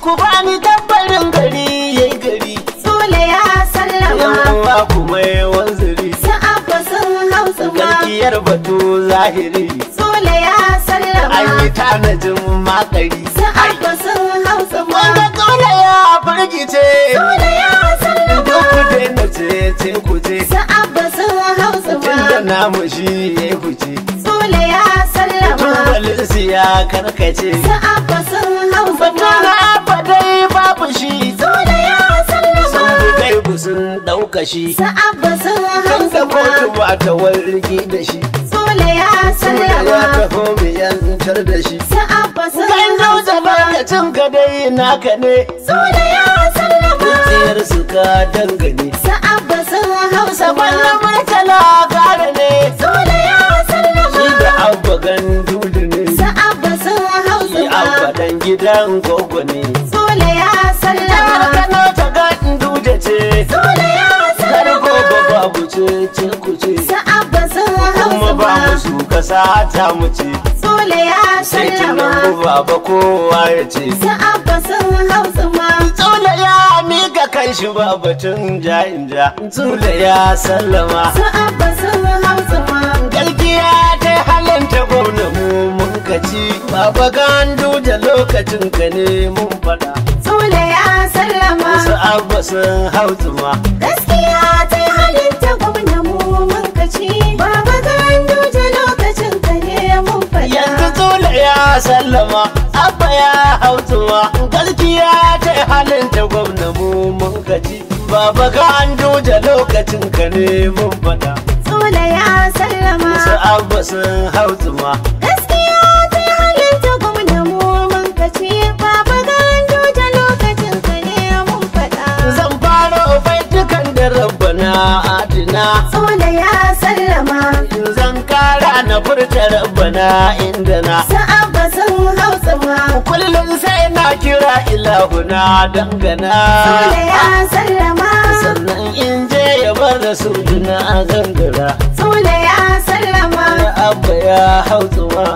ku bani dabbarin gari yi gari sule ya sallama yawa kuma mai wanzuri abba sun hausa ma garkiyar batu zahiri sule ya sallama an yi tanajin makari abba sun hausa ma wanda kone ya firgice sule ya sallama duk ku na ce ce ku je abba sun hausa ma tunda namu shi ya guje sule ya sallama tun balisi ya karkace abba sun hausa kashi sa'abba sun hamsa ba da kotu a ta wargi da shi sole ya sallama sole ya taho mai yantar da shi sa'abba sun hamsa ba da cin ka dai naka ne sole ya sallama tsayar su ka dangane sa'abba sun hamsa ba wannan murtala gara ne sole ya sallama shi da abba gandu ne sa'abba sun hamsa ba abba dan gidan gogo ne sole ya sallama ƙasa ta ce. sole ya sallama baba kowa ya ce abba sun hausa ma sole ya miƙa kanshi. shi ba batun ja in ja sule ya sallama abba sun hausa ma galgiya ta halanta gona mu mun kaci baba gandu da lokacin ka ne mun fada sule ya sallama abba sun hausa ma gaskiya ta sallama abba ya hautuwa gaskiya ta halin ta gwamna mun gaji baba ka an duja lokacin ka ne mun fada sula ya sallama su abba sun hautuwa gaskiya ta halin ta gwamna mun gaji baba ka an duja lokacin ka ne mun fada zan faro baitukan da rabbana adina sula ya sallama zan kara na furta rabbana indana sa'a hausawa kullum sai na kira ilahuna dangana sole ya sallama sannan in je ya bar da su gangara sole ya sallama abba ya ma.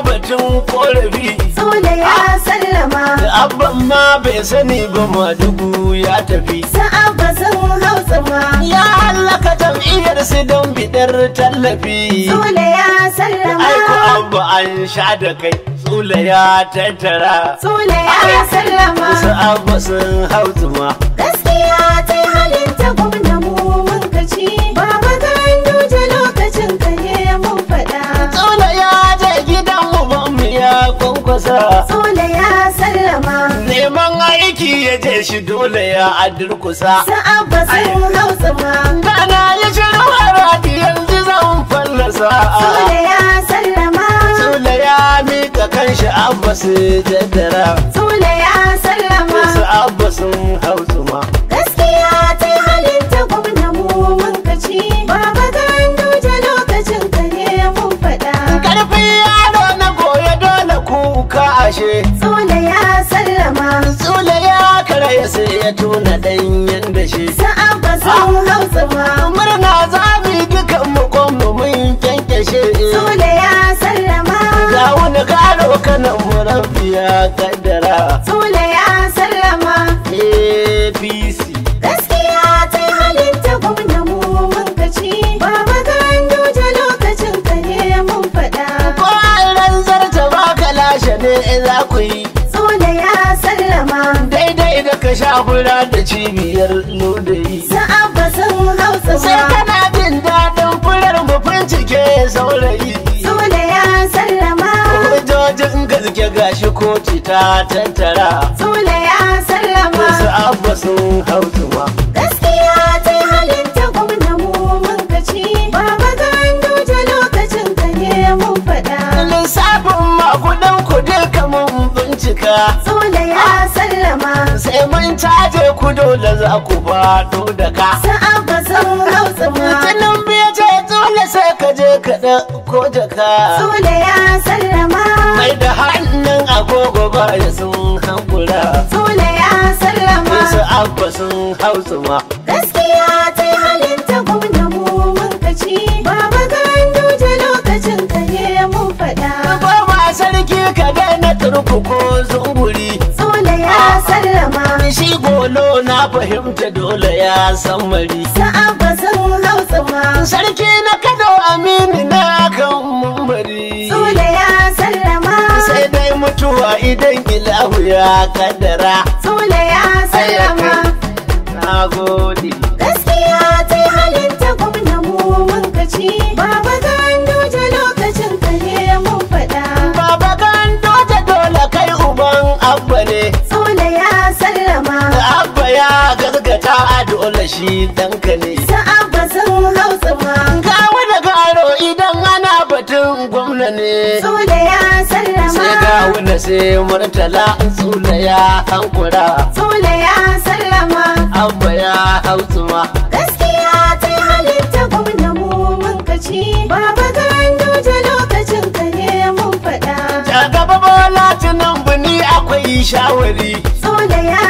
batun korafi Sule ya ah! sallama Da abban ma bai sani ba madugu ya tafi Sa'abba sun hausa ma Ya hallaka jam'iyyar su don bidar tallafi Sule ya sallama ko abba an sha da kai Sule ya tattara Sule ya ah! sallama Sa'abba sun hausa ma Gaskiya ta da shi dole ya adirkusa. Sa'a ba sun hausa ma. Kana ya shiru a yanzu zan fallasa. Sule ya sallama. Sule ya mika kanshi abba su jaddara. Sule ya sallama. Su abba sun hausa ma. Gaskiya ta yi halin ta gwamna mu mun kaci. Baba kan doje lokacin ka ne mun faɗa. Karfi yaro na goya dole kuka ashe. sai ya tuna ɗanyen da shi sa'a ba sun ah, hausa ba murna zabi dukan mu kwanmu mun kyankyashe sule ya sallama ga wani karo kanan murafi ya kaddara sule ya sallama apc gaskiya ta halitta gwamna mu mun kaci Ba kan doja lokacin ka ne mun faɗa ko an zarta ba baka lashe ne za ku yi malama daidai da ka sha hura da cibiyar ludayi sa'an ba san hausa sai kana bin dadin furar mu bincike saurayi sule ya sallama hujjojin gaske gashi koci ta tattara sule ya sallama sa'an ba sun hausa cika Sule ya ah. sallama Sai mun caje ku dole za ku faɗo da ka Sa'an ba sun hausa ma Tunan biya ce dole sai ka je ka ko jaka Sule ya sallama Mai da hannun agogo ba ya sun hankula Sule ya sallama Sa'an ba sun hausa ma Gaskiya ta halin ta gwamna mu mun kaci Baba kan duje lokacin ka ne mun faɗa Goma sarki ka gani turku ko zunguri Sole ya sallama Shi golo na fahimta dole ya san mari ba sun hausa ma Sarki na Kano Aminu na kan mumbari Sole ya sallama Sai dai mutuwa idan ilahu ya kaddara Sole ya sallama Na gode Gaskiya ta halinta gwamna mu mun ba da ta dole shi danka ne sa'a ba zan hausa ma ga wani garo idan ana batun gwamna ne tsula ya sallama sai ga wani sai murtala tsula ya hankura tsula ya sallama abba ya hausa ma gaskiya ta halitta gwamna mu mun kaci baba gando ta lokacin ka ne mun faɗa ta gaba bola tunan bani akwai shawari tsula ya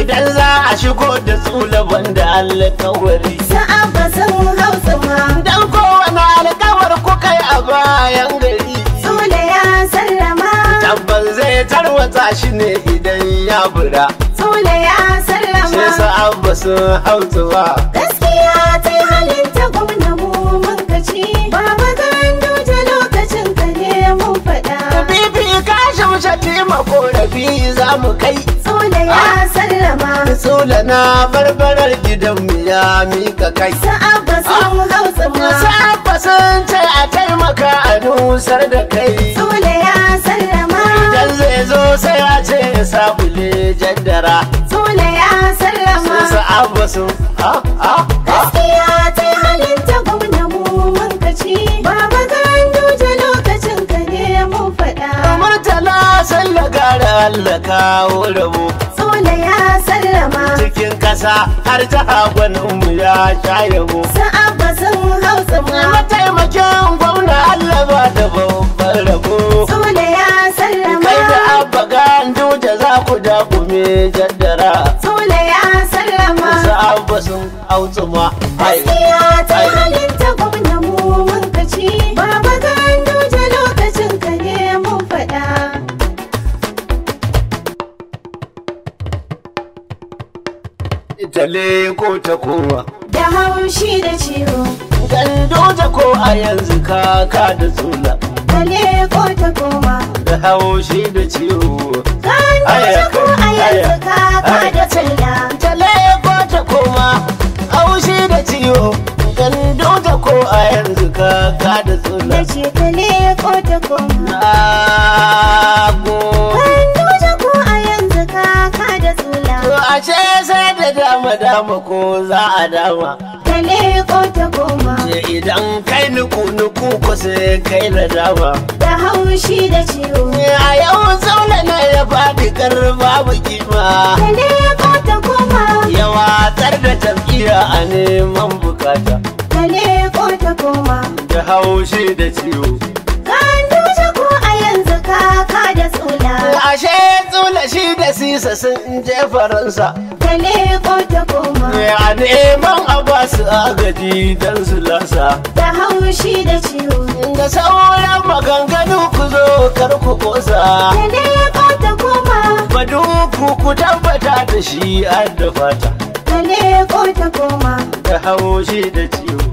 idan za a shigo da tsulaban da alkawari sa'a ba san hausa ma dan kowane alkawar kuka yi a bayan gari tsula ya sallama tabbas zai tarwata shi ne idan ya bura tsula ya sallama sai sa'a ba sun hausa ba gaskiya ta halin ta shamshati makorafi za mu kai Sula ya sallama Sula na barbarar gidan mu ya mika kai Sa'abba sun ah, hausa ma Sa'abba sun ce a taimaka a nusar da kai Sula ya sallama Idan zai zo sai a ce ya sa kule jaddara Sula ya sallama Sa'abba sun ha ha ha Allah kawo rabo Sola ya sallama cikin kasa har ta mu ya shaye mu Sa'aba sun hausa ma mataimakin gwamna Allah ba da babbar rabo Sola ya sallama kai da abba ga da za ku da me jaddara Sola ya sallama Sa'aba sun hausa ma Gaskiya ta ne ko ta kowa da haushi da ciwo gando ta ko a yanzu kaka da tsula ne ko ta kowa da haushi da ciwo gando ta ko a yanzu kaka da ta tale ko ta kowa haushi da ciwo gando ta ko a yanzu kaka da da ce ne ko ta kowa dama dama ko za a dama ta ko ta koma ce idan kai nuku nuku ko sai kai na dama da haushi da ciwo a yau zaune na ya faɗi kar babu kima ta leko ta koma yawatar da tafiya a neman bukata ta ko ta koma da haushi da ciwo ashe tsula shi da sisa sun je faransa ta ko ta koma ya neman a ba su agaji don su lasa da haushi da ciwo da sauran maganganu ku zo kar ku kosa ta ko ta koma badu ku ku tabbata da shi an da fata ta ko ta koma da haushi da ciwo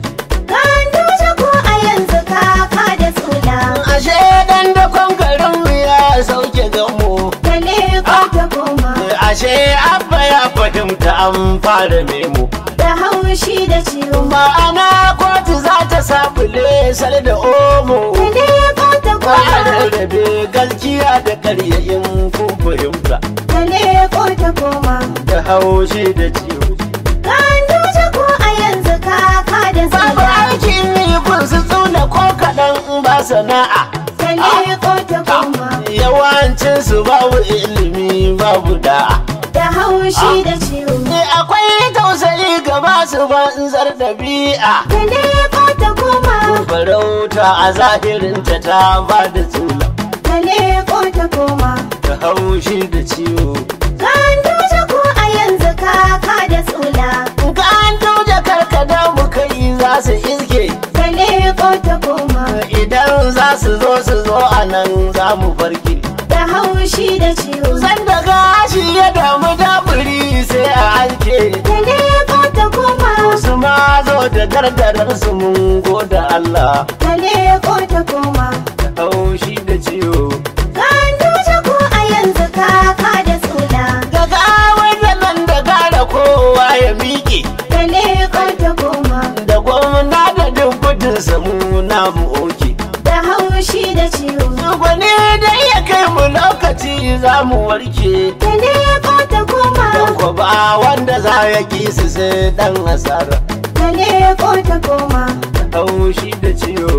kan ko a yanzu fara nemo da haushi da ciwo ma'ana kotu za ta sabule sal da omo da kotu ko rarrabe gaskiya da karyayin ku fahimta da ne ko koma da haushi da ciwo kan duje ko a yanzu kaka da sana'a babu aikin ne kun su tsuna ko kaɗan ba sana'a da ne ko ah, koma yawancin su babu ilimi babu da'a haushi ah. da ciwo ne akwai tausali ga masu banzar dabi'a da ne ta koma farauta a zahirinta ta ba da tsula da ne ta koma ta haushi da ciwo kan taushe ko a yanzu kaka da tsula kan taushe karkada mu kai za su iske da ne ta koma idan za su zo su zo a nan za mu farki da haushi da ciwo sanda gashi ya damu daburi sai a aike da leko ta koma su ma zo da dardararsu su mun goda Allah da leko ta koma da haushi da ciwo shi za mu warke da ne ba ta koma ko ba wanda za ya ki su sai dan asara da ko ta koma ta dau shi da ciwo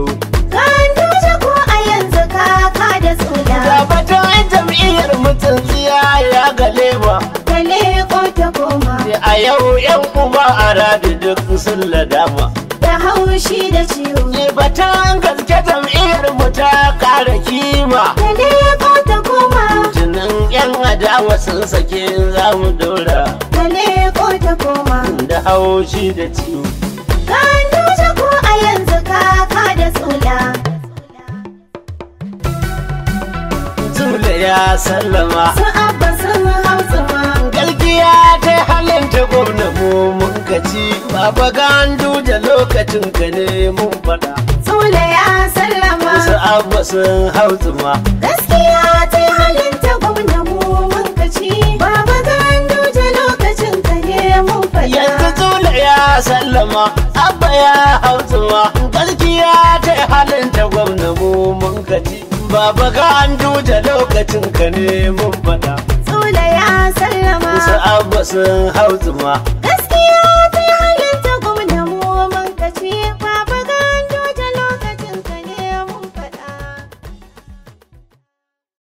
kan duje ko a yanzu kaka da tsula tabbatar jam'iyyar mutum tsiya ya gale ba da ya ko ta koma a yau yan uba a rabi duk sun ladama da haushi da ciwo ne batan gaske jam'iyyar mu ta kara kima da ne dama sun sake za mu dora da ko ta koma da haushi da ciwo ka nuna ko a yanzu kaka da tsula tsula ya sallama su abba sun hausa ma galgiya ta yi halin ta gwamna mu mun kaci baba gandu da lokacin ka ne mun fada dole ya sallama su abu sun hau tsuma gaskiya ta yi halin ta gwamna mu mun kaci baba gandu ta lokacin ka ne mun fada yanzu dole ya sallama abba ya hau tsuma gaskiya ta yi halin ta gwamna mu mun kaci baba gandu ta lokacin ka ne mun fada dole ya sallama su abu sun hau tsuma